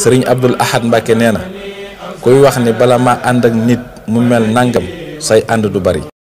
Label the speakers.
Speaker 1: sëriñ Abdul Ahad Mbàkke nee na kuy wax ni bala ma ànd ak nit mu mel nangam say ànd du bari